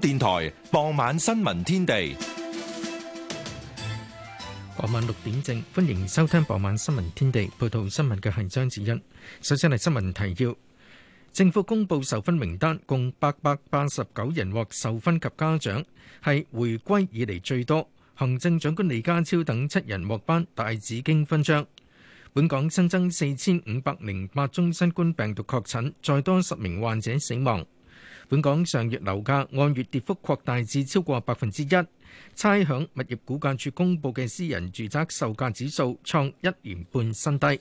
電台傍晚新聞天地，傍晚六點正，歡迎收聽傍晚新聞天地。報道新聞嘅係張子欣。首先係新聞提要：政府公布受勛名單，共八百八十九人獲受勛及嘉獎，係回歸以嚟最多。行政長官李家超等七人獲頒大紫荊勛章。本港新增四千五百零八宗新冠病毒確診，再多十名患者死亡。本港上月樓價按月跌幅擴大至超過百分之一，差餉物業估價署公佈嘅私人住宅售價指數創一年半新低。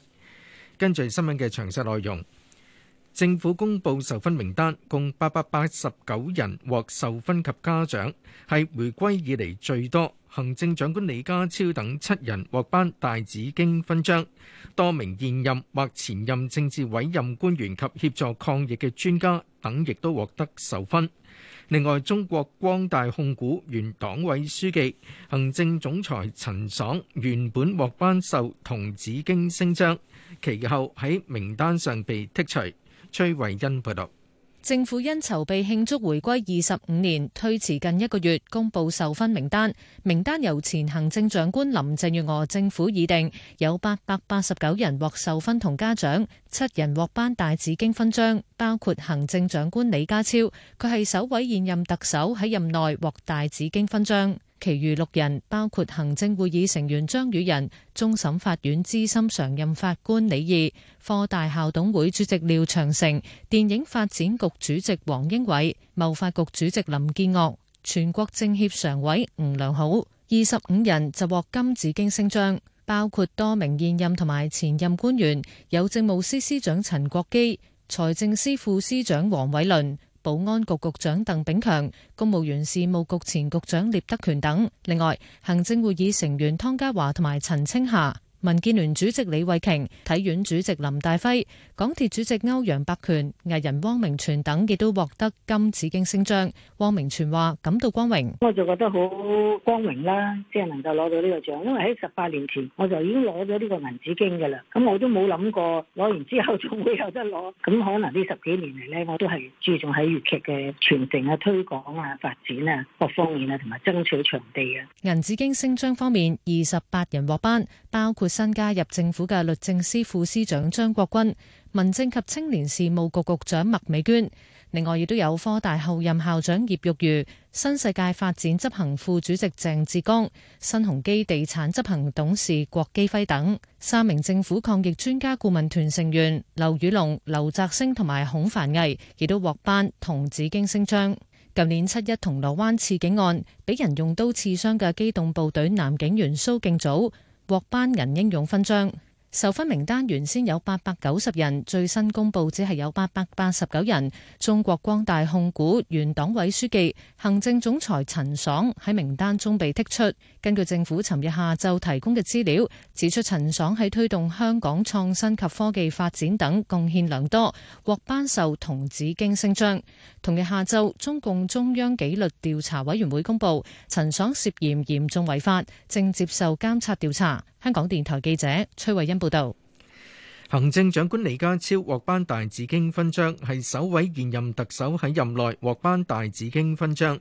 跟住新聞嘅詳細內容，政府公佈授勳名單，共八百八十九人獲授勳及嘉獎，係回歸以嚟最多。行政長官李家超等七人獲頒大紫荊勳章，多名現任或前任政治委任官員及協助抗疫嘅專家。等亦都獲得授勳。另外，中國光大控股原黨委書記行政總裁陳爽原本獲頒授銅紫荊星章，其後喺名單上被剔除。崔慧欣報道。政府因籌備慶祝回歸二十五年，推遲近一個月公布授勳名單。名單由前行政長官林鄭月娥政府擬定，有八百八十九人獲授勳同嘉獎，七人獲頒大紫荊勳章，包括行政長官李家超，佢係首位現任特首喺任內獲大紫荊勳章。其餘六人包括行政會議成員張宇人、終審法院資深常任法官李義、科大校董會主席廖長成、電影發展局主席王英偉、貿發局主席林建岳、全國政協常委吳良好。二十五人就獲金紫荊星章，包括多名現任同埋前任官員，有政務司司長陳國基、財政司副司長黃偉綸。保安局局長鄧炳強、公務員事務局前局長聶德權等，另外行政會議成員湯家驊同埋陳清霞。民建聯主席李慧瓊、體院主席林大輝、港鐵主席歐陽伯權、藝人汪明荃等亦都獲得金紫荊星章。汪明荃話感到光榮，我就覺得好光榮啦，即係能夠攞到呢個獎，因為喺十八年前我就已經攞咗呢個銀紫荊嘅啦，咁我都冇諗過攞完之後仲會有得攞，咁可能呢十幾年嚟呢，我都係注重喺粵劇嘅傳承啊、推廣啊、發展啊各方面啊，同埋爭取場地啊。銀紫荊星章方面，二十八人獲頒，包括。新加入政府嘅律政司副司長張國鈞、民政及青年事務局局長麥美娟，另外亦都有科大候任校長葉玉如、新世界發展執行副主席鄭志剛、新鴻基地產執行董事郭基輝等。三名政府抗疫專家顧問團成員劉宇龍、劉澤星同埋孔凡毅，亦都獲頒銅紫荊星章。舊年七一銅鑼灣刺警案，俾人用刀刺傷嘅機動部隊男警員蘇敬祖。獲頒銀英勇勳章，授勳名單原先有八百九十人，最新公布只係有八百八十九人。中國光大控股原黨委書記、行政總裁陳爽喺名單中被剔出。根據政府尋日下晝提供嘅資料，指出陳爽喺推動香港創新及科技發展等貢獻良多，獲頒授銅紫荊星章。同日下晝，中共中央紀律調查委員會公布，陳爽涉嫌嚴重違法，正接受監察調查。香港電台記者崔慧欣報道。行政長官李家超獲頒大紫荊勳章，係首位現任特首喺任內獲頒大紫荊勳章。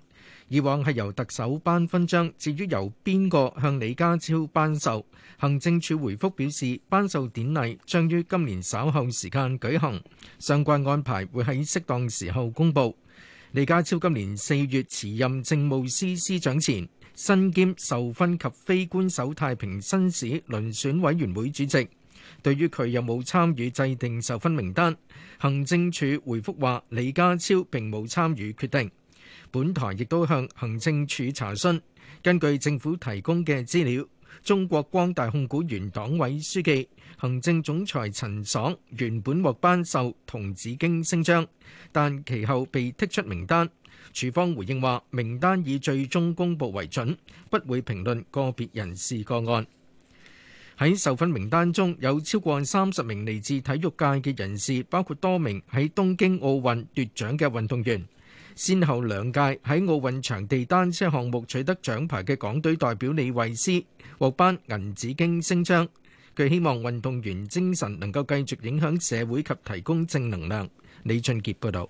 以往係由特首頒勳章，至於由邊個向李家超頒授，行政署回覆表示，頒授典禮將於今年稍後時間舉行，相關安排會喺適當時候公佈。李家超今年四月辭任政務司司長前，身兼授勳及非官守太平紳士遴選委員會主席。對於佢有冇參與制定授勳名單，行政署回覆話：李家超並冇參與決定。本台亦都向行政署查詢，根據政府提供嘅資料，中國光大控股原黨委書記、行政總裁陳爽原本獲頒授銅紫荊星章，但其後被剔出名單。署方回應話：名單以最終公佈為準，不會評論個別人士個案。喺授勳名單中有超過三十名嚟自體育界嘅人士，包括多名喺東京奧運奪獎嘅運動員。先後兩屆喺奧運場地單車項目取得獎牌嘅港隊代表李慧詩獲頒銀紫荊星章。佢希望運動員精神能夠繼續影響社會及提供正能量。李俊傑報導。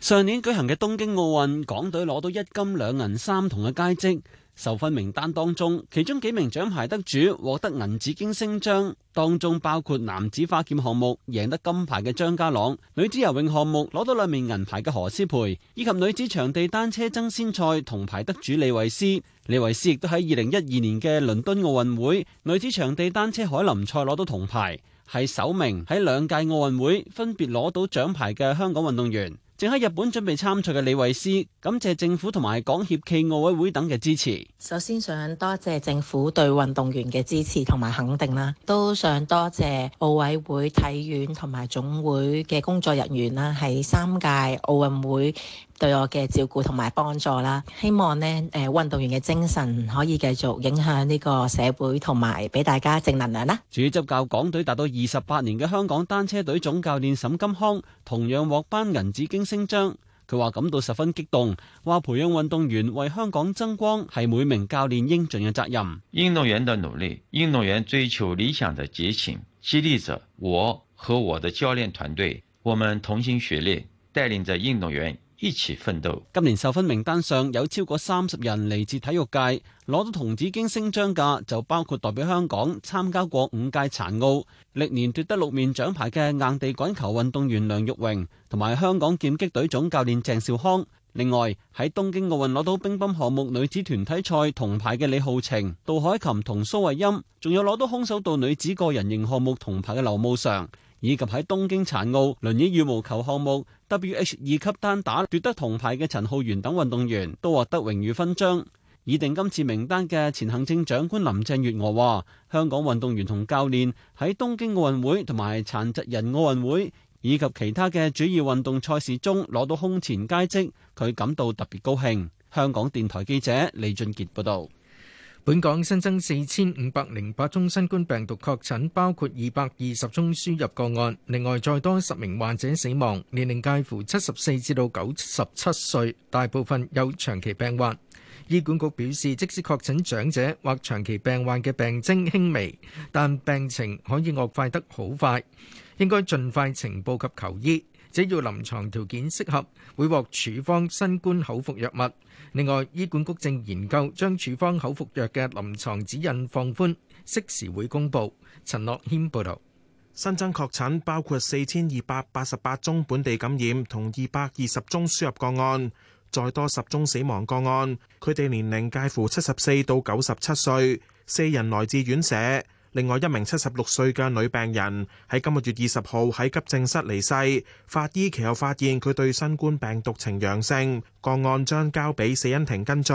上年舉行嘅東京奧運，港隊攞到一金兩銀三銅嘅佳績。受勳名單當中，其中幾名獎牌得主獲得銀紫荊星章，當中包括男子花劍項目贏得金牌嘅張家朗，女子游泳項目攞到兩面銀牌嘅何詩蓓，以及女子場地單車爭先賽銅牌得主李慧詩。李慧詩亦都喺二零一二年嘅倫敦奧運會女子場地單車凱林賽攞到銅牌，係首名喺兩屆奧運會分別攞到獎牌嘅香港運動員。正喺日本準備參賽嘅李慧詩，感謝政府同埋港協暨奧委會等嘅支持。首先想多謝政府對運動員嘅支持同埋肯定啦，都想多謝奧委會、體院同埋總會嘅工作人員啦，喺三屆奧運會。對我嘅照顧同埋幫助啦，希望呢誒、呃、運動員嘅精神可以繼續影響呢個社會，同埋俾大家正能量啦。主執教港隊達到二十八年嘅香港單車隊總教練沈金康同樣獲頒銀紫荊星章，佢話感到十分激動，話培養運動員為香港爭光係每名教練應盡嘅責任。運動員的努力，運動員追求理想的激情，激勵著我和我的教練團隊，我們同心協力，帶領着運動員，一起奮鬥。今年受勳名單上有超過三十人嚟自體育界攞到銅紫荊星章架，就包括代表香港參加過五屆殘奧、歷年奪得六面獎牌嘅硬地滾球運動員梁育榮，同埋香港劍擊隊總教練鄭兆康。另外喺東京奧運攞到乒乓項目女子團體賽銅牌嘅李皓晴、杜凱琹同蘇慧音，仲有攞到空手道女子個人型項目銅牌嘅劉慕裳。以及喺東京殘奧輪椅羽毛球項目 WH 二級單打奪得銅牌嘅陳浩源等運動員都獲得榮譽勳章。擬定今次名單嘅前行政長官林鄭月娥話：香港運動員同教練喺東京奧運會同埋殘疾人奧運會以及其他嘅主要運動賽事中攞到空前佳績，佢感到特別高興。香港電台記者李俊傑報導。本港新增四千五百零八宗新冠病毒確診，包括二百二十宗輸入個案，另外再多十名患者死亡，年齡介乎七十四至到九十七歲，大部分有長期病患。醫管局表示，即使確診長者或長期病患嘅病徵輕微，但病情可以惡化得好快，應該盡快呈報及求醫。只要臨床條件適合，會獲處方新冠口服藥物。另外，醫管局正研究將處方口服藥嘅臨床指引放寬，適時會公佈。陳樂謙報導。新增確診包括四千二百八十八宗本地感染同二百二十宗輸入個案，再多十宗死亡個案。佢哋年齡介乎七十四到九十七歲，四人來自院舍。另外一名七十六歲嘅女病人喺今個月二十號喺急症室離世，法醫其後發現佢對新冠病毒呈陽性，個案將交俾死因庭跟進。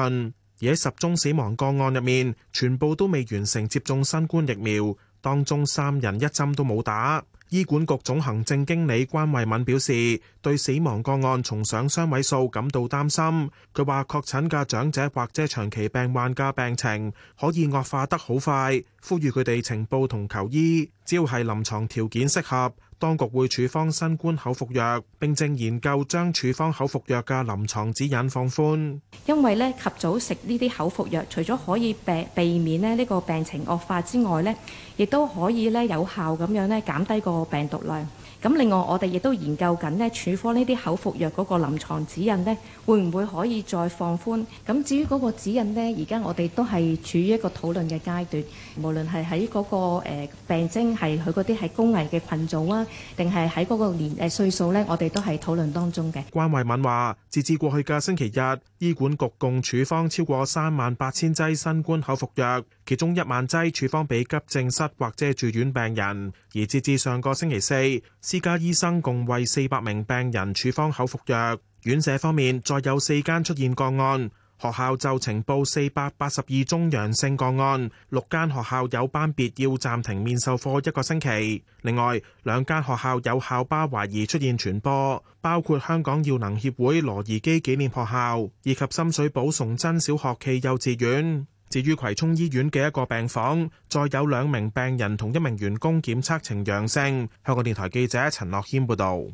而喺十宗死亡個案入面，全部都未完成接種新冠疫苗，當中三人一針都冇打。醫管局總行政經理關慧敏表示，對死亡個案重上雙位數感到擔心。佢話確診嘅長者或者長期病患嘅病情可以惡化得好快，呼籲佢哋呈報同求醫，只要係臨牀條件適合。當局會處方新冠口服藥，並正研究將處方口服藥嘅臨床指引放寬。因為咧及早食呢啲口服藥，除咗可以避避免咧呢個病情惡化之外咧，亦都可以咧有效咁樣咧減低個病毒量。咁另外我哋亦都研究緊咧處方呢啲口服藥嗰個臨床指引咧，會唔會可以再放寬？咁至於嗰個指引呢，而家我哋都係處於一個討論嘅階段。無論係喺嗰個誒病徵係佢嗰啲係高危嘅群組啊。定係喺嗰個年誒、呃、歲數呢，我哋都係討論當中嘅。關慧敏話，截至過去嘅星期日，醫管局共處方超過三萬八千劑新冠口服藥，其中一萬劑處方俾急症室或者住院病人。而截至上個星期四，私家醫生共為四百名病人處方口服藥，院舍方面再有四間出現個案。學校就呈報四百八十二宗陽性個案，六間學校有班別要暫停面授課一個星期。另外，兩間學校有校巴懷疑出現傳播，包括香港耀能協會羅儀基紀念學校以及深水埗崇真小學暨幼稚園。至於葵涌醫院嘅一個病房，再有兩名病人同一名員工檢測呈陽性。香港電台記者陳樂謙報道。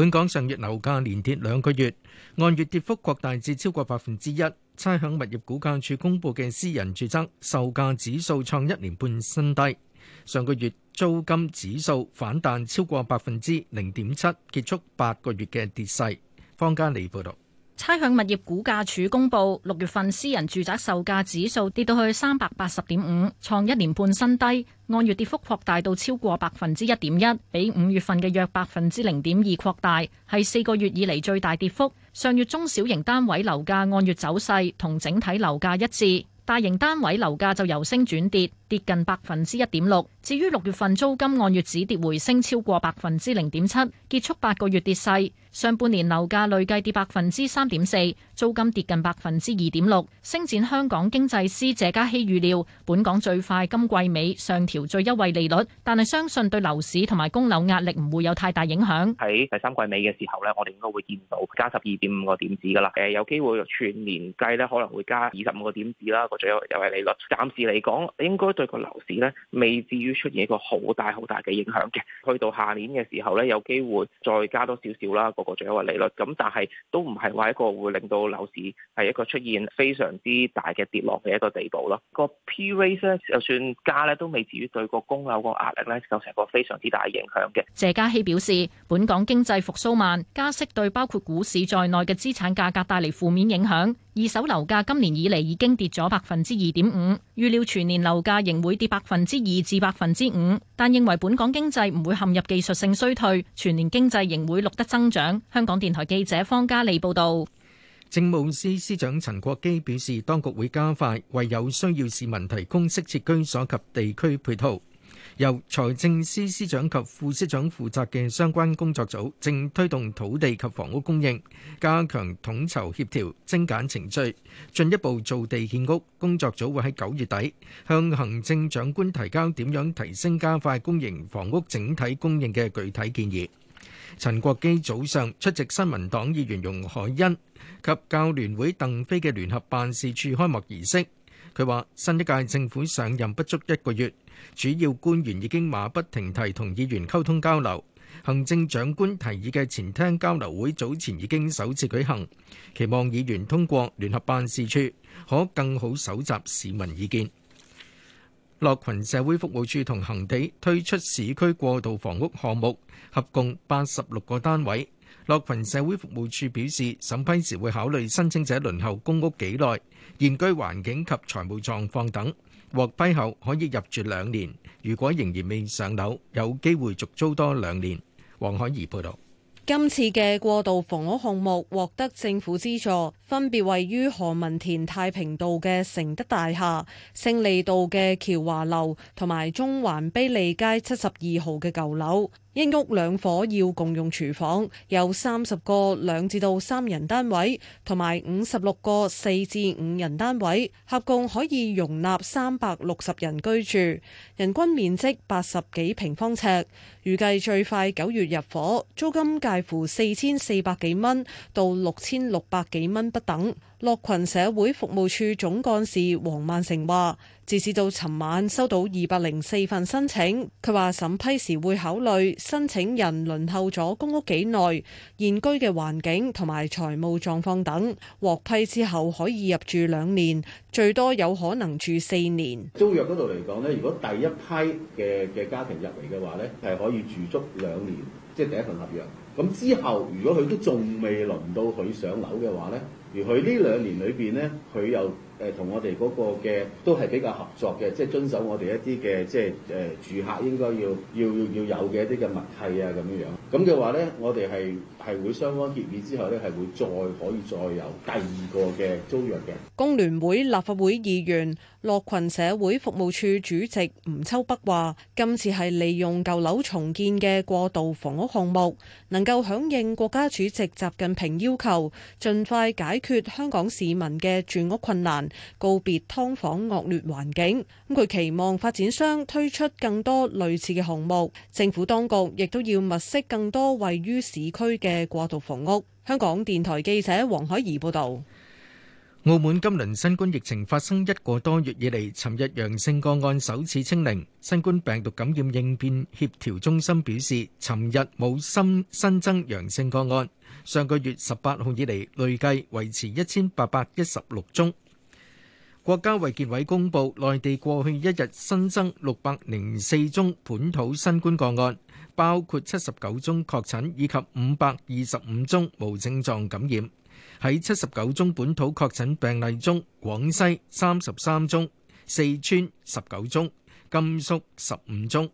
本港上月樓價連跌兩個月，按月跌幅擴大至超過百分之一。差餉物業估價署公佈嘅私人住宅售價指數創一年半新低。上個月租金指數反彈超過百分之零點七，結束八個月嘅跌勢。方嘉莉報道。差餉物業估價署公佈，六月份私人住宅售價指數跌到去三百八十點五，創一年半新低，按月跌幅擴大到超過百分之一點一，比五月份嘅約百分之零點二擴大，係四個月以嚟最大跌幅。上月中小型單位樓價按月走勢同整體樓價一致，大型單位樓價就由升轉跌，跌近百分之一點六。至於六月份租金按月止跌回升超過百分之零點七，結束八個月跌勢。上半年樓價累計跌百分之三點四，租金跌近百分之二點六。星展香港經濟師謝家熙預料，本港最快今季尾上調最優惠利率，但係相信對樓市同埋供樓壓力唔會有太大影響。喺第三季尾嘅時候呢，我哋應該會見到加十二點五個點子㗎啦。誒，有機會全年計咧可能會加二十五個點子啦。個最優惠利率，暫時嚟講應該對個樓市呢未至於，出現一個好大好大嘅影響嘅，去到下年嘅時候呢有機會再加多少少啦，個個最優惠嘅利率。咁但係都唔係話一個會令到樓市係一個出現非常之大嘅跌落嘅一個地步咯。個 P rate 就算加呢，都未至於對個供樓個壓力呢，造成一個非常之大嘅影響嘅。謝嘉熙表示，本港經濟復蘇慢，加息對包括股市在內嘅資產價格帶嚟負面影響。二手樓價今年以嚟已經跌咗百分之二點五，預料全年樓價仍會跌百分之二至百。百分之五，但認為本港經濟唔會陷入技術性衰退，全年經濟仍會錄得增長。香港電台記者方嘉利報道。政務司司長陳國基表示，當局會加快為有需要市民提供適切居所及地區配套。由財政司司長及副司長負責嘅相關工作組正推動土地及房屋供應，加強統籌協調、精簡程序，進一步造地建屋。工作組會喺九月底向行政長官提交點樣提升加快公營房屋整體供應嘅具體建議。陳國基早上出席新民黨議員容海恩及教聯會鄧飛嘅聯合辦事處開幕儀式，佢話：新一屆政府上任不足一個月。主要官員已經馬不停蹄同議員溝通交流，行政長官提議嘅前廳交流會早前已經首次舉行，期望議員通過聯合辦事處可更好搜集市民意見。樂群社會服務處同恆地推出市區過渡房屋項目，合共八十六個單位。樂群社會服務處表示，審批時會考慮申請者輪候公屋幾耐、現居環境及財務狀況等。獲批後可以入住兩年，如果仍然未上樓，有機會續租多兩年。黃海怡報道：今次嘅過渡房屋項目獲得政府資助，分別位於何文田太平道嘅誠德大廈、勝利道嘅橋華樓同埋中環卑利街七十二號嘅舊樓。一屋兩伙要共用廚房，有三十個兩至到三人單位，同埋五十六個四至五人單位，合共可以容納三百六十人居住，人均面積八十幾平方尺，預計最快九月入伙，租金介乎四千四百幾蚊到六千六百幾蚊不等。樂群社會服務處總幹事黃萬成話截至到尋晚收到二百零四份申請。佢話審批時會考慮申請人輪候咗公屋幾耐、現居嘅環境同埋財務狀況等。獲批之後可以入住兩年，最多有可能住四年。租約嗰度嚟講呢，如果第一批嘅嘅家庭入嚟嘅話呢，係可以住足兩年，即係第一份合約。咁之後如果佢都仲未輪到佢上樓嘅話呢。而佢呢兩年裏邊咧，佢又。誒同我哋嗰個嘅都係比較合作嘅，即係遵守我哋一啲嘅即係誒、呃、住客應該要要要有嘅一啲嘅默契啊咁樣樣，咁嘅話咧，我哋係係會雙方協議之後咧，係會再可以再有第二個嘅租約嘅。工聯會立法會議員樂群社會服務處主席吳秋北話，今次係利用舊樓重建嘅過渡房屋項目，能夠響應國家主席習近平要求，盡快解決香港市民嘅住屋困難。告別㓥房惡劣環境，咁佢期望發展商推出更多類似嘅項目。政府當局亦都要物色更多位於市區嘅過渡房屋。香港電台記者黃海怡報道。澳門今輪新冠疫情發生一個多月以嚟，尋日陽性個案首次清零。新冠病毒感染應變協調中心表示，尋日冇新新增陽性個案。上個月十八號以嚟累計維持一千八百一十六宗。國家衛健委公布，內地過去一日新增六百零四宗本土新冠個案，包括七十九宗確診以及五百二十五宗無症狀感染。喺七十九宗本土確診病例中，廣西三十三宗，四川十九宗，甘肅十五宗。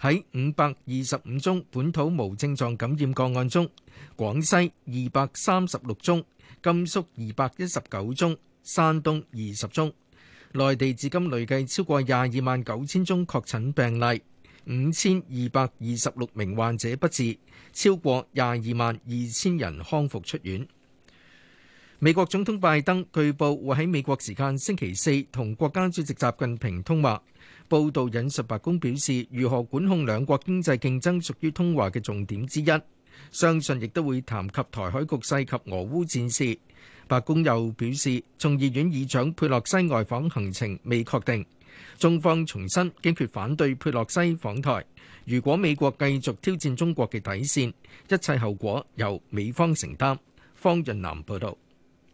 喺五百二十五宗本土無症狀感染個案中，廣西二百三十六宗，甘肅二百一十九宗。山東二十宗。內地至今累計超過廿二萬九千宗確診病例，五千二百二十六名患者不治，超過廿二萬二千人康復出院。美國總統拜登據報會喺美國時間星期四同國家主席習近平通話。報道引述白宮表示，如何管控兩國經濟競爭屬於通話嘅重點之一，相信亦都會談及台海局勢及俄烏戰事。白宮又表示，眾議院議長佩洛西外訪行程未確定。中方重申堅決反對佩洛西訪台。如果美國繼續挑戰中國嘅底線，一切後果由美方承擔。方潤南報導。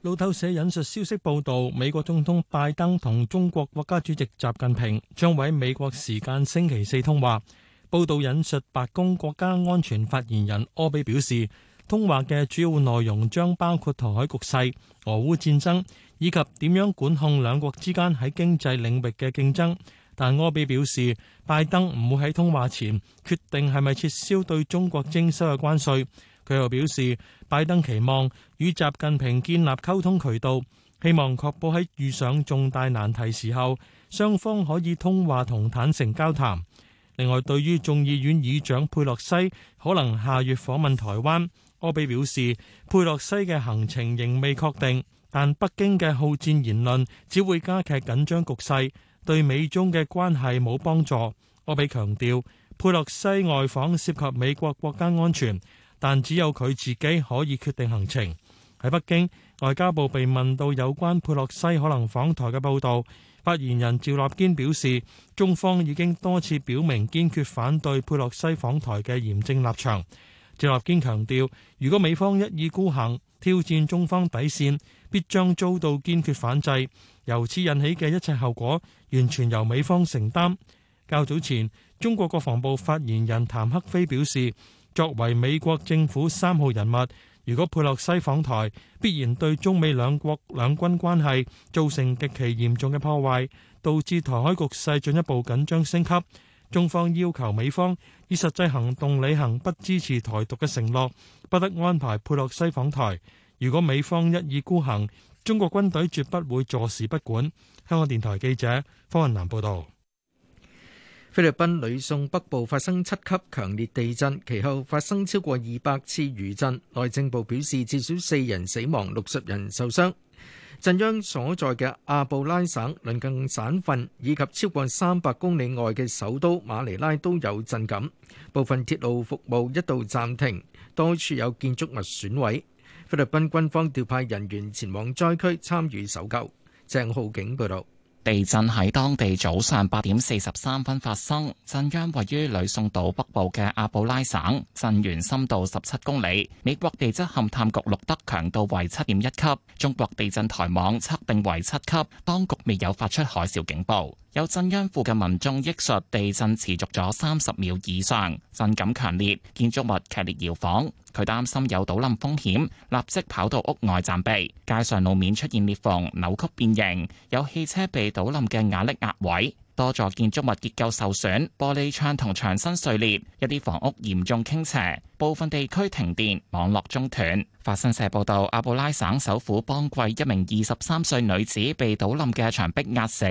路透社引述消息報道，美國總統拜登同中國國家主席習近平將會喺美國時間星期四通話。報道引述白宮國家安全發言人柯比表示，通話嘅主要內容將包括台海局勢、俄烏戰爭，以及點樣管控兩國之間喺經濟領域嘅競爭。但柯比表示，拜登唔會喺通話前決定係咪撤銷對中國徵收嘅關稅。佢又表示，拜登期望與習近平建立溝通渠道，希望確保喺遇上重大難題時候，雙方可以通話同坦誠交談。另外，對於眾議院議長佩洛西，可能下月訪問台灣。柯比表示，佩洛西嘅行程仍未確定，但北京嘅好戰言論只會加劇緊張局勢，對美中嘅關係冇幫助。柯比強調，佩洛西外訪涉及美國國家安全，但只有佢自己可以決定行程。喺北京，外交部被問到有關佩洛西可能訪台嘅報道，發言人趙立堅表示，中方已經多次表明堅決反對佩洛西訪台嘅嚴正立場。趙立堅強調，如果美方一意孤行，挑戰中方底線，必將遭到堅決反制。由此引起嘅一切後果，完全由美方承擔。較早前，中國國防部發言人譚克非表示，作為美國政府三號人物，如果佩洛西訪台，必然對中美兩國兩軍關係造成極其嚴重嘅破壞，導致台海局勢進一步緊張升級。中方要求美方。以實際行動履行不支持台獨嘅承諾，不得安排佩洛西訪台。如果美方一意孤行，中國軍隊絕不會坐視不管。香港電台記者方雲南報導。菲律賓呂宋北部發生七級強烈地震，其後發生超過二百次餘震。內政部表示，至少四人死亡，六十人受傷。震央所在嘅阿布拉省、鄰近省份以及超過三百公里外嘅首都馬尼拉都有震感，部分鐵路服務一度暫停，多處有建築物損毀。菲律賓軍方調派人員前往災區參與搜救。鄭浩景報道。地震喺當地早上八點四十三分發生，震央位於呂宋島北部嘅阿布拉省，震源深度十七公里。美國地質勘探，探局錄，錄得強度為七點一級，中國地震台網測定為七級。當局未有發出海嘯警報。有震央附近民眾憶述，地震持續咗三十秒以上，震感強烈，建築物劇烈搖晃。佢擔心有倒冧風險，立即跑到屋外暫避。街上路面出現裂縫、扭曲變形，有汽車被倒冧嘅瓦礫壓毀。多座建築物結構受損，玻璃窗同牆身碎裂，一啲房屋嚴重傾斜，部分地區停電、網絡中斷。法新社報導，阿布拉省首府邦貴一名二十三歲女子被倒冧嘅牆壁壓死。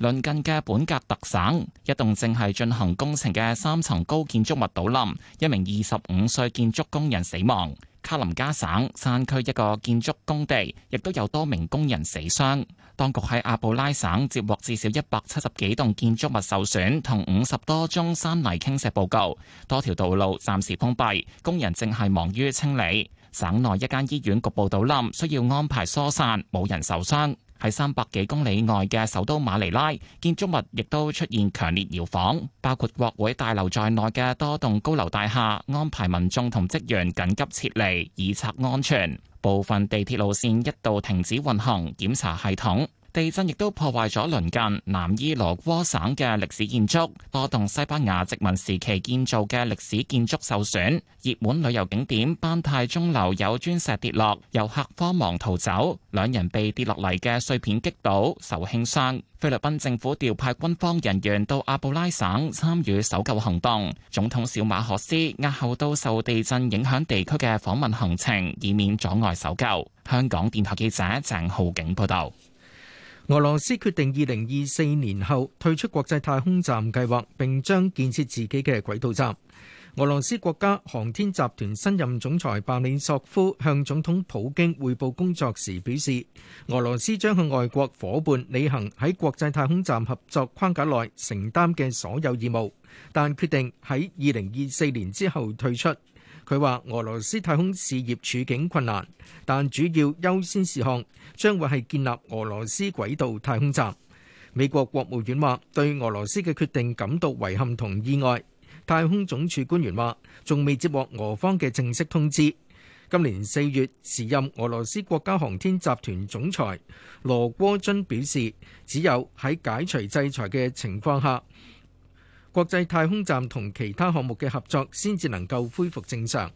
鄰近嘅本格特省，一棟正係進行工程嘅三層高建築物倒冧，一名二十五歲建築工人死亡。卡林加省，山區一個建築工地，亦都有多名工人死傷。當局喺阿布拉省接獲至少一百七十幾棟建築物受損，同五十多宗山泥傾瀉報告，多條道路暫時封閉，工人正係忙於清理。省內一間醫院局部倒冧，需要安排疏散，冇人受傷。喺三百幾公里外嘅首都馬尼拉，建築物亦都出現強烈搖晃，包括國會大樓在內嘅多棟高樓大廈安排民眾同職員緊急撤離，以策安全。部分地鐵路綫一度停止運行檢查系統。地震亦都破壞咗鄰近南伊羅窩省嘅歷史建築，多棟西班牙殖民時期建造嘅歷史建築受損。熱門旅遊景點班泰鐘樓有磚石跌落，遊客慌忙逃走，兩人被跌落嚟嘅碎片擊倒，受輕傷。菲律賓政府調派軍方人員到阿布拉省參與搜救行動。總統小馬可斯押後到受地震影響地區嘅訪問行程，以免阻礙搜救。香港電台記者鄭浩景報道。俄羅斯決定二零二四年後退出國際太空站計劃，並將建設自己嘅軌道站。俄羅斯國家航天集團新任總裁巴里索夫向總統普京匯報工作時表示，俄羅斯將向外國夥伴履行喺國際太空站合作框架內承擔嘅所有義務，但決定喺二零二四年之後退出。佢話：俄羅斯太空事業處境困難，但主要優先事項將會係建立俄羅斯軌道太空站。美國國務院話對俄羅斯嘅決定感到遺憾同意外。太空總署官員話仲未接獲俄方嘅正式通知。今年四月，時任俄羅斯國家航天集團總裁羅戈津表示，只有喺解除制裁嘅情況下，國際太空站同其他項目嘅合作先至能夠恢復正常。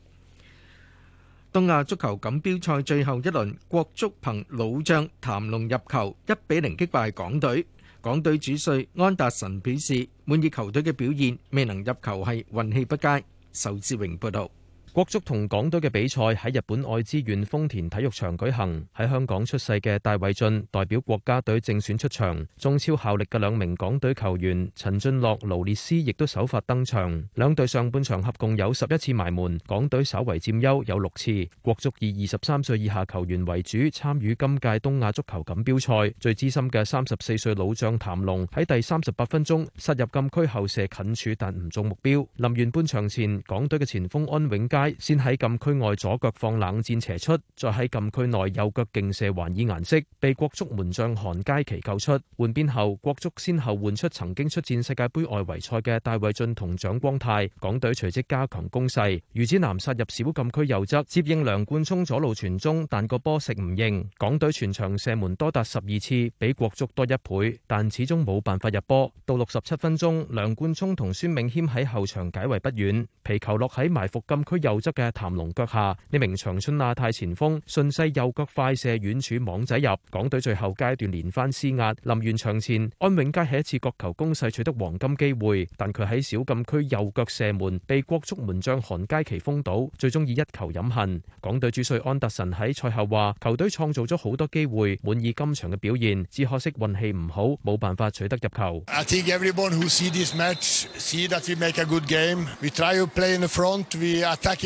東亞足球錦標賽最後一輪，國足憑老將譚龍入球一比零擊敗港隊。港隊主帥安達臣表示滿意球隊嘅表現，未能入球係運氣不佳。仇志榮報導。國足同港隊嘅比賽喺日本愛知縣豐田體育場舉行，喺香港出世嘅戴偉浚代表國家隊正選出場，中超效力嘅兩名港隊球員陳俊樂、勞烈斯亦都首發登場。兩隊上半場合共有十一次埋門，港隊稍為佔優，有六次。國足以二十三歲以下球員為主參與今屆東亞足球錦標賽，最資深嘅三十四歲老將譚龍喺第三十八分鐘殺入禁區後射近處，但唔中目標。臨完半場前，港隊嘅前鋒安永佳。先喺禁區外左腳放冷箭斜出，再喺禁區內右腳勁射，還以顏色，被國足門將韓佳奇救出。換邊後，國足先後換出曾經出戰世界杯外圍賽嘅戴偉俊同蔣光泰，港隊隨即加強攻勢。余子南殺入小禁區右側接應梁冠聰左路傳中，但個波食唔應。港隊全場射門多達十二次，比國足多一倍，但始終冇辦法入波。到六十七分鐘，梁冠聰同孫銘謙喺後場解圍不遠，皮球落喺埋伏禁區右負責嘅譚龍腳下，呢名長春亞泰前鋒順勢右腳快射遠處網仔入。港隊最後階段連番施壓，臨完場前安永佳喺一次角球攻勢取得黃金機會，但佢喺小禁區右腳射門被國足門將韓佳奇封堵，最終以一球飲恨。港隊主帥安達臣喺賽後話：球隊創造咗好多機會，滿意今場嘅表現，只可惜運氣唔好，冇辦法取得入球。I think everyone who see this match see that we make a good game. We try to play in the front. We attack.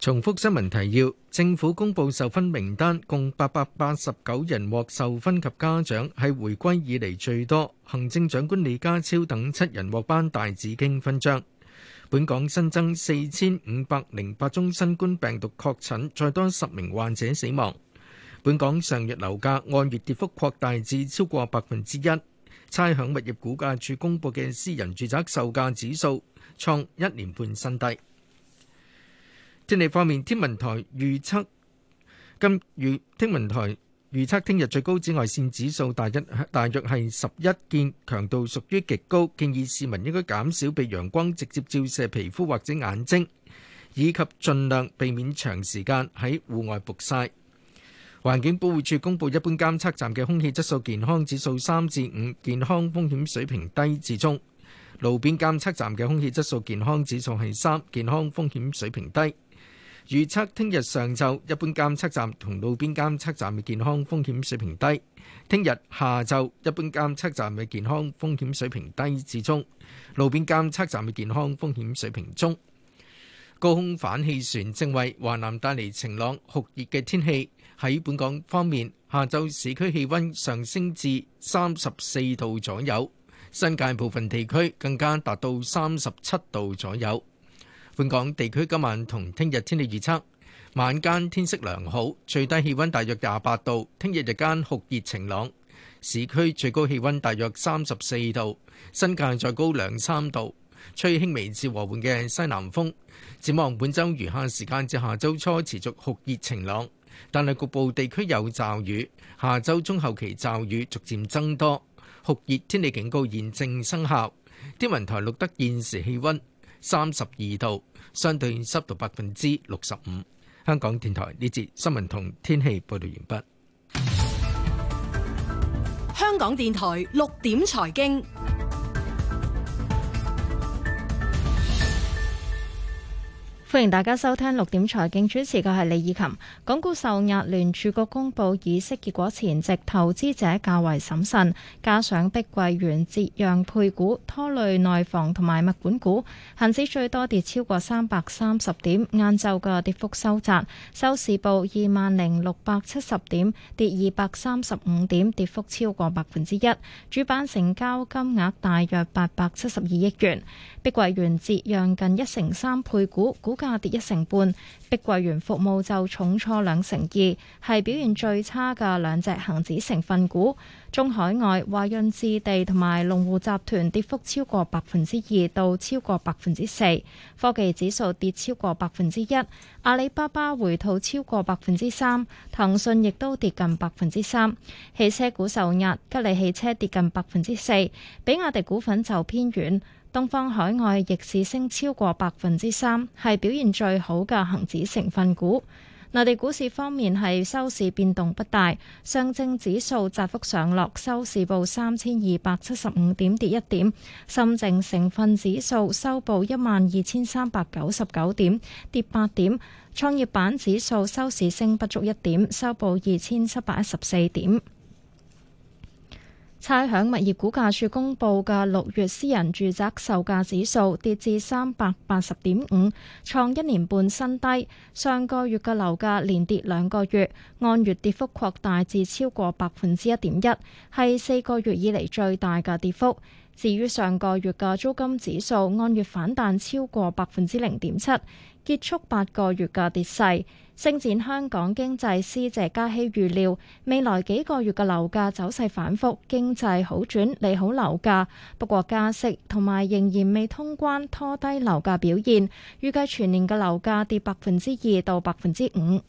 重複新聞提要：政府公布授勳名單，共八百八十九人獲授勳及嘉獎，係回歸以嚟最多。行政長官李家超等七人獲頒大紫荊勳章。本港新增四千五百零八宗新冠病毒確診，再多十名患者死亡。本港上月樓價按月跌幅擴大至超過百分之一，差餉物業估價署公布嘅私人住宅售價指數創一年半新低。天氣方面，天文台預測今預天文台預測聽日最高紫外線指數大一大約係十一級，強度屬於極高，建議市民應該減少被陽光直接照射皮膚或者眼睛，以及盡量避免長時間喺戶外曝曬。環境保護署公布一般監測站嘅空氣質素健康指數三至五，健康風險水平低至中；路邊監測站嘅空氣質素健康指數係三，健康風險水平低。預測聽日上晝一般監測站同路邊監測站嘅健康風險水平低，聽日下晝一般監測站嘅健康風險水平低至中，路邊監測站嘅健康風險水平中。高空反氣旋正為華南帶嚟晴朗酷熱嘅天氣，喺本港方面，下晝市區氣温上升至三十四度左右，新界部分地區更加達到三十七度左右。本港地區今晚同聽日天氣預測，晚間天色良好，最低氣温大約廿八度。聽日日間酷熱晴朗，市區最高氣温大約三十四度，新界再高兩三度，吹輕微至和緩嘅西南風。展望本週餘下時間至下週初持續酷熱晴朗，但係局部地區有驟雨，下週中後期驟雨逐漸增多，酷熱天氣警告現正生效。天文台錄得現時氣温三十二度。相對濕度百分之六十五。香港電台呢節新聞同天氣報道完畢。香港電台六點財經。歡迎大家收聽六點財經，主持嘅係李以琴。港股受壓，聯儲局公布議息結果前夕，投資者較為審慎，加上碧桂園折讓配股拖累內房同埋物管股，恒指最多跌超過三百三十點。晏晝嘅跌幅收窄，收市報二萬零六百七十點，跌二百三十五點，跌幅超過百分之一。主板成交金額大約八百七十二億元，碧桂園折讓近一成三配股股。價跌一成半，碧桂園服務就重挫兩成二，係表現最差嘅兩隻恒指成分股。中海外、華潤置地同埋龍湖集團跌幅超過百分之二到超過百分之四。科技指數跌超過百分之一，阿里巴巴回吐超過百分之三，騰訊亦都跌近百分之三。汽車股受壓，吉利汽車跌近百分之四，比亞迪股份就偏軟。東方海外逆市升超過百分之三，係表現最好嘅恒指成分股。內地股市方面係收市變動不大，上證指數窄幅上落，收市報三千二百七十五點跌一點；深證成分指數收報一萬二千三百九十九點跌八點；創業板指數收市升不足一點，收報二千七百一十四點。差餉物業估價署公佈嘅六月私人住宅售價指數跌至三百八十點五，創一年半新低。上個月嘅樓價連跌兩個月，按月跌幅擴大至超過百分之一點一，係四個月以嚟最大嘅跌幅。至於上個月嘅租金指數按月反彈超過百分之零點七，結束八個月嘅跌勢。星展香港經濟師謝嘉熙預料，未來幾個月嘅樓價走勢反覆，經濟好轉利好樓價，不過加息同埋仍然未通關拖低樓價表現，預計全年嘅樓價跌百分之二到百分之五。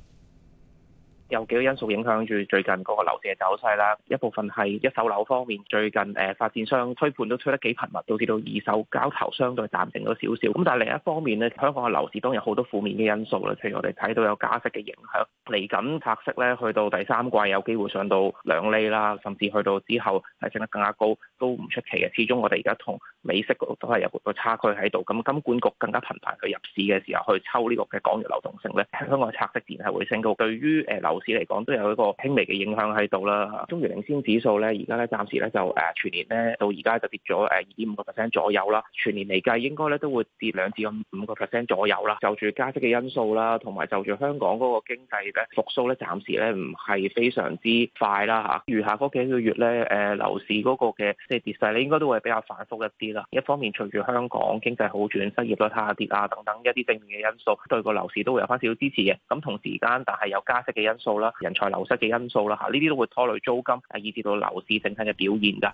有幾個因素影響住最近嗰個樓市嘅走勢啦，一部分係一手樓方面，最近誒發展商推盤都推得幾頻密，導致到二手交投相對暫停咗少少。咁但係另一方面咧，香港嘅樓市當然好多負面嘅因素啦，譬如我哋睇到有加息嘅影響，嚟緊拆息呢，去到第三季有機會上到兩厘啦，甚至去到之後係升得更加高都唔出奇嘅。始終我哋而家同美息度都係有個差距喺度。咁金管局更加頻繁去入市嘅時候，去抽呢個嘅港元流動性呢，香港嘅拆息自然係會升高。對於誒、呃、樓市嚟講都有一個輕微嘅影響喺度啦。中原領先指數咧，而家咧暫時咧就誒全年咧到而家就跌咗誒二點五個 percent 左右啦。全年嚟計應該咧都會跌兩至五個 percent 左右啦。就住加息嘅因素啦，同埋就住香港嗰個經濟咧復甦咧暫時咧唔係非常之快啦嚇。餘下嗰幾個月咧誒、呃、樓市嗰個嘅即係跌勢咧應該都會比較反覆一啲啦。一方面隨住香港經濟好轉、失業率下跌啊等等一啲正面嘅因素，對個樓市都會有翻少少支持嘅。咁同時間但係有加息嘅因素。啦，人才流失嘅因素啦，吓呢啲都會拖累租金，以至到樓市整體嘅表現噶。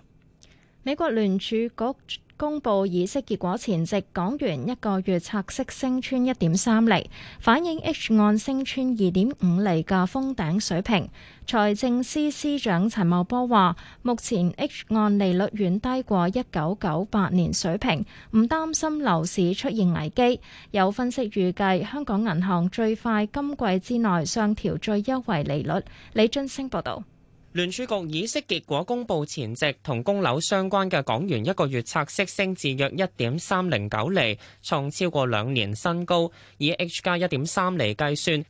美國聯儲局公布議息結果前夕，港元一個月拆息升穿一點三厘，反映 H 按升穿二點五厘嘅封頂水平。財政司司長陳茂波話，目前 H 按利率遠低過一九九八年水平，唔擔心樓市出現危機。有分析預計，香港銀行最快今季之內上調最優惠利率。李津升報道。聯儲局議息結果公布前夕，同供樓相關嘅港元一個月拆息升至約一點三零九釐，創超過兩年新高，以 H 加一點三釐計算。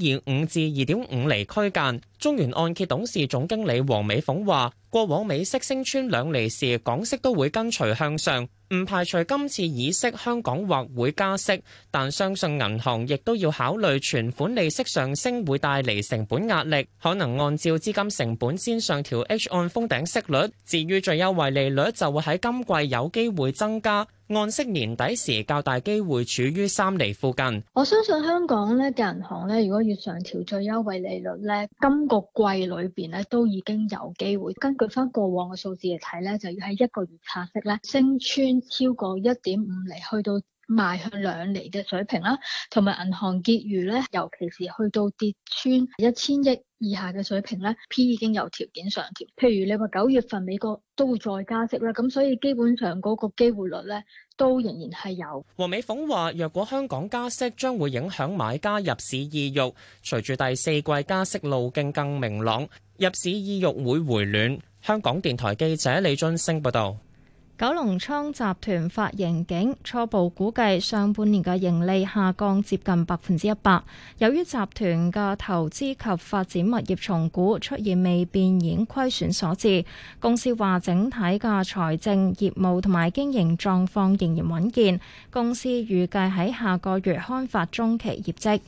以五至二點五厘區間，中原按揭董事總經理黃美鳳話：過往美息升穿兩厘時，港息都會跟隨向上，唔排除今次以息香港或會加息，但相信銀行亦都要考慮存款利息上升會帶嚟成本壓力，可能按照資金成本先上調 H 按封頂息率，至於最優惠利率就會喺今季有機會增加。按息年底時較大機會處於三厘附近，我相信香港咧嘅銀行咧，如果要上調最優惠利率咧，今個季裏邊咧都已經有機會。根據翻過往嘅數字嚟睇咧，就要喺一個月拆息咧升穿超過一點五厘，去到。賣向兩厘嘅水平啦，同埋銀行結餘咧，尤其是去到跌穿一千億以下嘅水平咧，P 已經有條件上調。譬如你話九月份美國都會再加息啦，咁所以基本上嗰個機會率咧都仍然係有。黃美鳳話：若果香港加息將會影響買家入市意欲，隨住第四季加息路徑更明朗，入市意欲會回暖。香港電台記者李津升報道。九龍倉集團發盈警，初步估計上半年嘅盈利下降接近百分之一百，由於集團嘅投資及發展物業重估出現未變現虧損所致。公司話整體嘅財政業務同埋經營狀況仍然穩健，公司預計喺下個月刊發中期業績。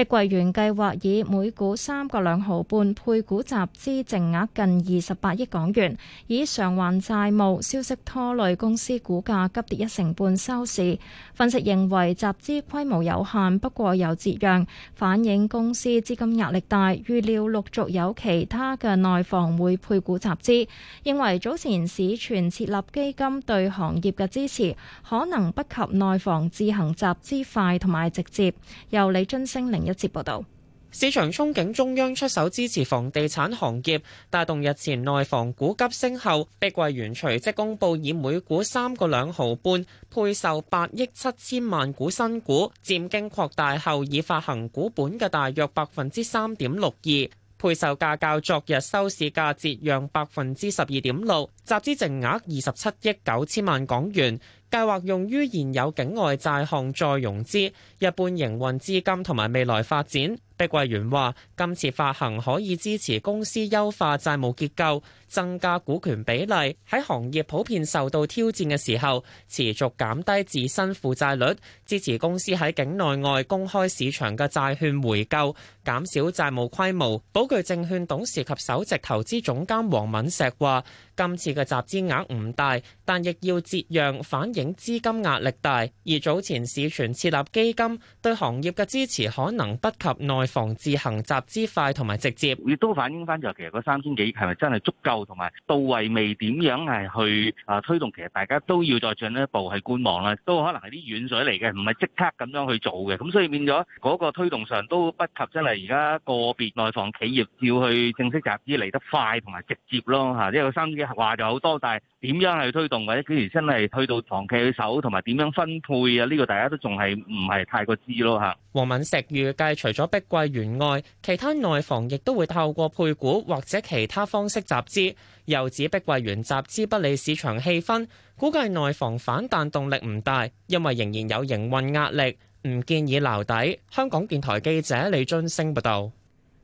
碧桂園計劃以每股三個兩毫半配股集資，淨額近二十八億港元，以償還債務。消息拖累公司股價急跌一成半收市。分析認為集資規模有限，不過有折讓，反映公司資金壓力大。預料陸續有其他嘅內房會配股集資。認為早前市傳設立基金對行業嘅支持，可能不及內房自行集資快同埋直接。由李津升領。一節報道，市場憧憬中央出手支持房地產行業，帶動日前內房股急升後，碧桂園隨即公布以每股三個兩毫半配售八億七千萬股新股，占經擴大後已發行股本嘅大約百分之三點六二，配售價較昨日收市價折讓百分之十二點六，集資淨額二十七億九千萬港元。計劃用於現有境外債項再融資、日半營運資金同埋未來發展。碧桂園話：今次發行可以支持公司優化債務結構，增加股權比例。喺行業普遍受到挑戰嘅時候，持續減低自身負債率，支持公司喺境內外公開市場嘅債券回購，減少債務規模。寶鉅證券董事及首席投資總監黃敏石話：今次嘅集資額唔大，但亦要折讓反應。影資金壓力大，而早前市傳設立基金對行業嘅支持可能不及內房自行集資快同埋直接，亦都反映翻就其實嗰三千幾係咪真係足夠同埋到位未？點樣係去啊推動？其實大家都要再進一步係觀望啦，都可能係啲遠水嚟嘅，唔係即刻咁樣去做嘅，咁所以變咗嗰個推動上都不及真係而家個別內房企業要去正式集資嚟得快同埋直接咯嚇，即係三千幾話就好多，但係點樣去推動或者幾時真係推到房？佢手同埋點樣分配啊？呢個大家都仲係唔係太過知咯吓，黃敏石預計除咗碧桂園外，其他內房亦都會透過配股或者其他方式集資，又指碧桂園集資不利市場氣氛，估計內房反彈動力唔大，因為仍然有營運壓力，唔建議撈底。香港電台記者李津升報道。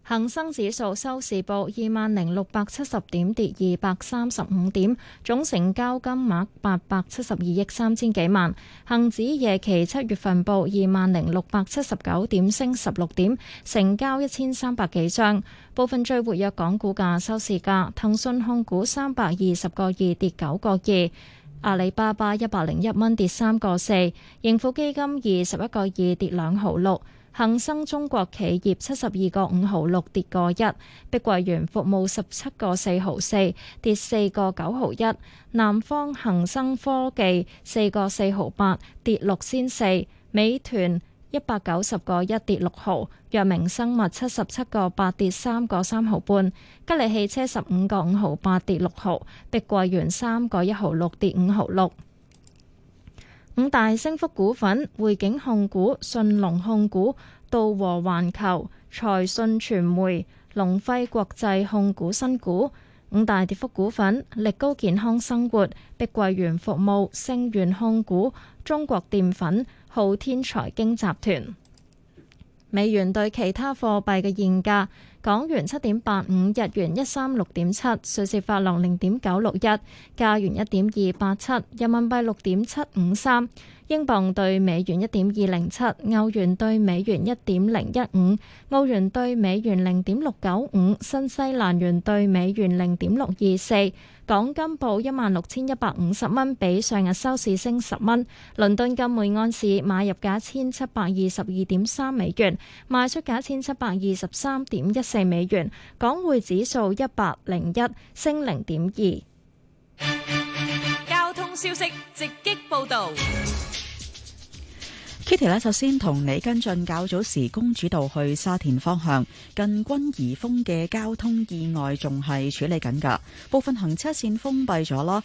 恒生指數收市報二萬零六百七十點，跌二百三十五點，總成交金額八百七十二億三千幾萬。恒指夜期七月份報二萬零六百七十九點，升十六點，成交一千三百幾張。部分最活躍港股價收市價：騰訊控股三百二十個二跌九個二，阿里巴巴一百零一蚊跌三個四，盈富基金二十一個二跌兩毫六。恒生中國企業七十二個五毫六跌個一，碧桂園服務十七個四毫四跌四個九毫一，南方恒生科技四個四毫八跌六仙四，美團一百九十個一跌六毫，藥明生物七十七個八跌三個三毫半，吉利汽車十五個五毫八跌六毫，碧桂園三個一毫六跌五毫六。五大升幅股份：匯景控股、信隆控股、道和環球、財信傳媒、龍輝國際控股新股；五大跌幅股份：力高健康生活、碧桂園服務、星源控股、中國澱粉、浩天財經集團。美元對其他貨幣嘅現價：港元七點八五，日元一三六點七，瑞士法郎零點九六一，加元一點二八七，人民幣六點七五三，英鎊對美元一點二零七，歐元對美元一點零一五，澳元對美元零點六九五，新西蘭元對美元零點六二四。港金報一萬六千一百五十蚊，比上日收市升十蚊。倫敦金每安士買入價一千七百二十二點三美元，賣出價一千七百二十三點一四美元。港匯指數一百零一，升零點二。交通消息直擊報道。Kitty 咧，首先同你跟進較早時公主道去沙田方向近軍怡峰嘅交通意外，仲係處理緊㗎，部分行車線封閉咗啦。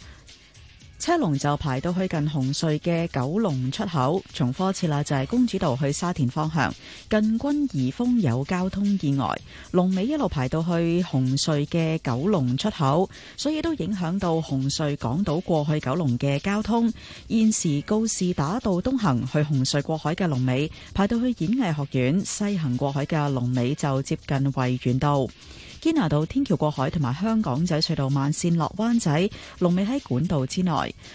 車龍就排到去近紅隧嘅九龍出口。重貨車啦，就係公主道去沙田方向，近軍怡峰有交通意外，龍尾一路排到去紅隧嘅九龍出口，所以都影響到紅隧港島過去九龍嘅交通。現時告士打道東行去紅隧過海嘅龍尾排到去演藝學院，西行過海嘅龍尾就接近維園道。堅拿道天橋過海同埋香港仔隧道慢線落灣仔龍尾喺管道之內，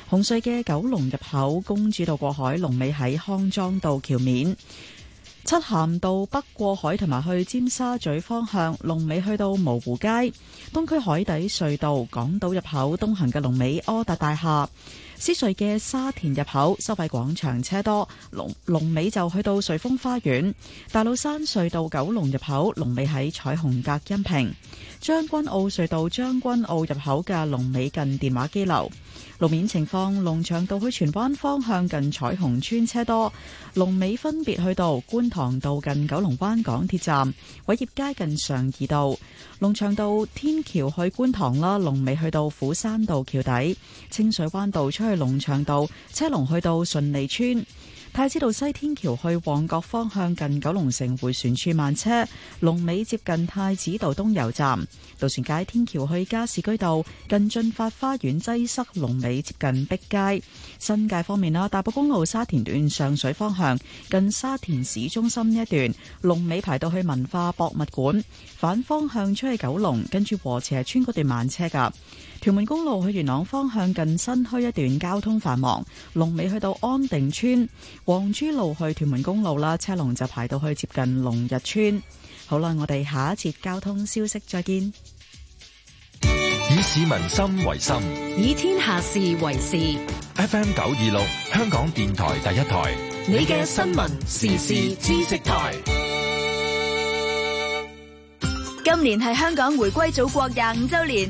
紅隧嘅九龍入口公主道過海龍尾喺康莊道橋面，漆咸道北過海同埋去尖沙咀方向龍尾去到蕪湖街，東區海底隧道港島入口東行嘅龍尾柯達大廈。獅隧嘅沙田入口收費廣場車多，龍龍尾就去到瑞峰花園；大老山隧道九龍入口龍尾喺彩虹隔音屏；將軍澳隧道將軍澳入口嘅龍尾近電話機樓。路面情況：龍翔道去荃灣方向近彩虹村車多，龍尾分別去到觀塘道近九龍灣港鐵站、偉業街近常怡道。龍翔道天橋去觀塘啦，龍尾去到斧山道橋底。清水灣道出去龍翔道，車龍去到順利村。太子道西天橋去旺角方向近九龍城回旋處慢車，龍尾接近太子道東油站；渡船街天橋去加士居道近駿發花園擠塞，龍尾接近碧街。新界方面啦，大埔公路沙田段上水方向近沙田市中心呢一段龍尾排到去文化博物館，反方向出去九龍跟住禾 𪨶 邨嗰段慢車噶。屯門公路去元朗方向近新墟一段交通繁忙，龍尾去到安定村；皇珠路去屯門公路啦，車龍就排到去接近龍日村。好啦，我哋下一節交通消息再見。以市民心為心，以天下事為事。FM 九二六，香港電台第一台，你嘅新聞時事知識台。今年係香港回歸祖國廿五周年。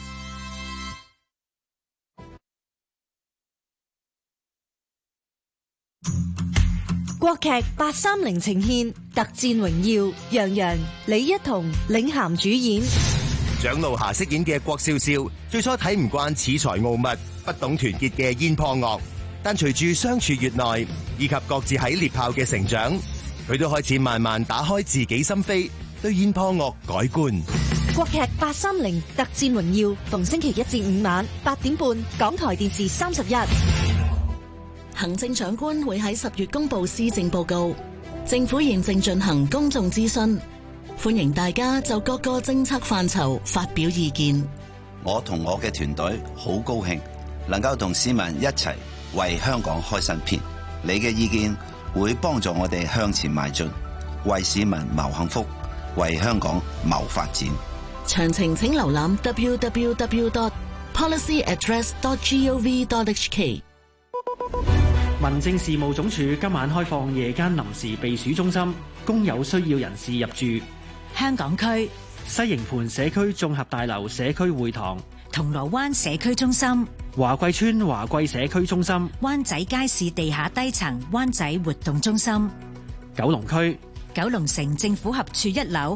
國劇八三零呈獻《特戰榮耀》，楊洋、李一桐領銜主演。蔣璐霞飾演嘅郭少少，最初睇唔慣恃才傲物、不懂團結嘅煙波惡，但隨住相處越耐，以及各自喺獵豹嘅成長，佢都開始慢慢打開自己心扉，對煙波惡改觀。國劇八三零《特戰榮耀》逢星期一至五晚八點半，港台電視三十一。行政長官會喺十月公布施政報告，政府現正進行公眾諮詢，歡迎大家就各個政策範疇發表意見。我同我嘅團隊好高興，能夠同市民一齊為香港開新篇。你嘅意見會幫助我哋向前邁進，為市民謀幸福，為香港謀發展。詳情請瀏覽 www.policyaddress.gov.hk。民政事務總署今晚開放夜間臨時避暑中心，供有需要人士入住。香港區西營盤社區綜合大樓社區會堂、銅鑼灣社區中心、華貴村華貴社區中心、灣仔街市地下低層灣仔活動中心、九龍區九龍城政府合署一樓。